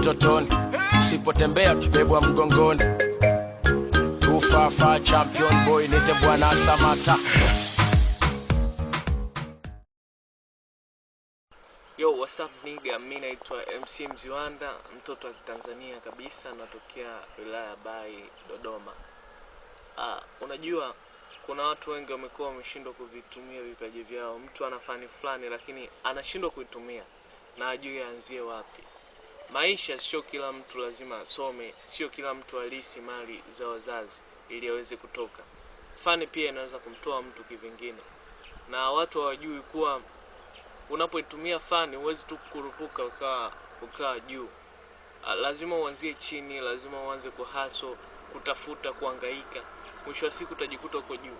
utotoni, usipotembea utabebwa mgongoni. Tufafa champion boy, nite Bwana Samata. Yo, what's up nigga, mi naitwa MC Mziwanda, mtoto wa Kitanzania kabisa, natokea wilaya Bai, Dodoma. Ah, unajua kuna watu wengi wamekuwa wameshindwa kuvitumia vipaji vyao. Mtu ana fani fulani, lakini anashindwa kuitumia na ajui aanzie wapi. Maisha sio kila mtu lazima asome, sio kila mtu alisi mali za wazazi ili aweze kutoka. Fani pia inaweza kumtoa mtu kivingine, na watu hawajui kuwa unapoitumia fani huwezi tu kukurupuka ukawa ukaa juu. Ah, lazima uanzie chini, lazima uanze kuhaso, kutafuta, kuangaika. Mwisho wa siku utajikuta uko juu.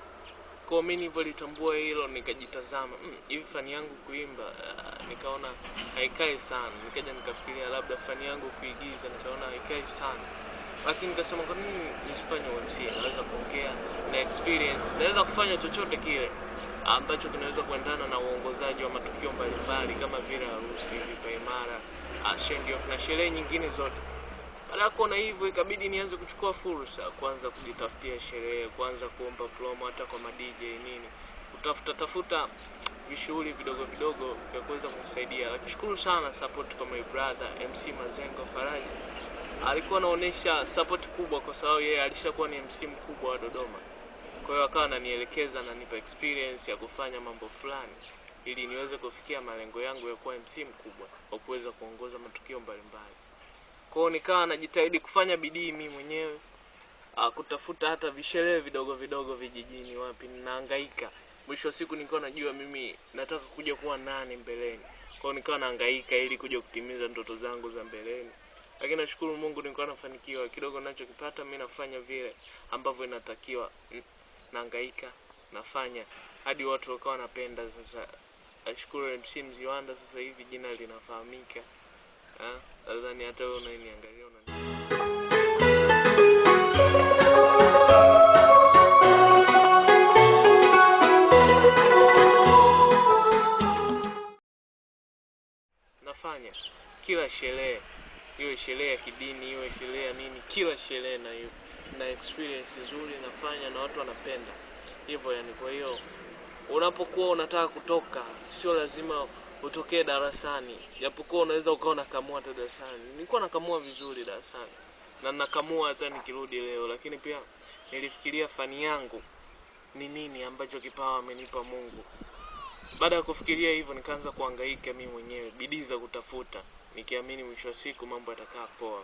Kwa mimi nilivyolitambua hilo nikajitazama, mm, hivi fani yangu kuimba uh, nikaona haikai sana. Nikaja nikafikiria labda fani yangu kuigiza, nikaona haikai sana. Lakini nikasema kwa nini nisifanye MC? Naweza kuongea na experience, naweza kufanya chochote kile ambacho kinaweza kuendana na uongozaji wa matukio mbalimbali kama vile harusi, vipaimara, uh, na sherehe nyingine zote baada kuona hivyo, ikabidi nianze kuchukua fursa, kwanza kujitafutia sherehe, kwanza kuomba promo hata kwa madj nini, kutafuta tafuta vishughuli vidogo vidogo vya kuweza kumsaidia. Nakushukuru sana support kwa my brother MC Mazengo Faraji, alikuwa anaonyesha support kubwa, kwa sababu yeye alishakuwa ni MC mkubwa wa Dodoma. Kwa hiyo akawa ananielekeza na nipa experience ya kufanya mambo fulani ili niweze kufikia malengo yangu ya kuwa MC mkubwa wa kuweza kuongoza matukio mbalimbali kwao nikawa najitahidi kufanya bidii mi mwenyewe uh, kutafuta hata visherehe vidogo vidogo vijijini wapi ninahangaika mwisho wa siku nikawa najua mimi nataka kuja kuwa nani mbeleni kwao nikawa nahangaika ili kuja kutimiza ndoto zangu za mbeleni lakini nashukuru Mungu nilikuwa nafanikiwa kidogo nachokipata mi nafanya vile ambavyo inatakiwa nahangaika nafanya hadi watu wakawa wanapenda sasa ashukuru MC Mziwanda sasa hivi jina linafahamika nadhani hata wewe unaniangalia nafanya kila sherehe iwe sherehe ya kidini iwe sherehe ya nini kila sherehe na hiyo na experience nzuri nafanya na watu wanapenda hivyo yani kwa hiyo unapokuwa unataka kutoka sio lazima utokee darasani, japokuwa unaweza ukawa nakamua hata darasani. Nilikuwa nakamua vizuri darasani na nakamua hata nikirudi leo, lakini pia nilifikiria fani yangu ni nini ambacho kipawa amenipa Mungu. Baada ya kufikiria hivyo, nikaanza kuhangaika mimi mwenyewe, bidii za kutafuta, nikiamini mwisho wa siku mambo yatakaa poa.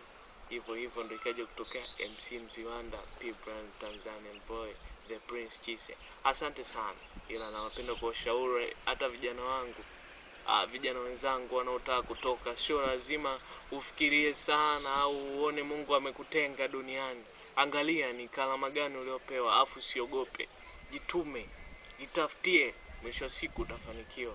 Hivyo hivyo ndo ikaja kutokea MC Mziwanda, P Brand Tanzanian Boy, The Prince Chise. Asante sana, ila nawapenda kuwashauri hata vijana wangu uh, vijana wenzangu wanaotaka kutoka, sio lazima ufikirie sana au uone Mungu amekutenga duniani. Angalia ni kalama gani uliopewa, afu siogope jitume, jitafutie, mwisho wa siku utafanikiwa.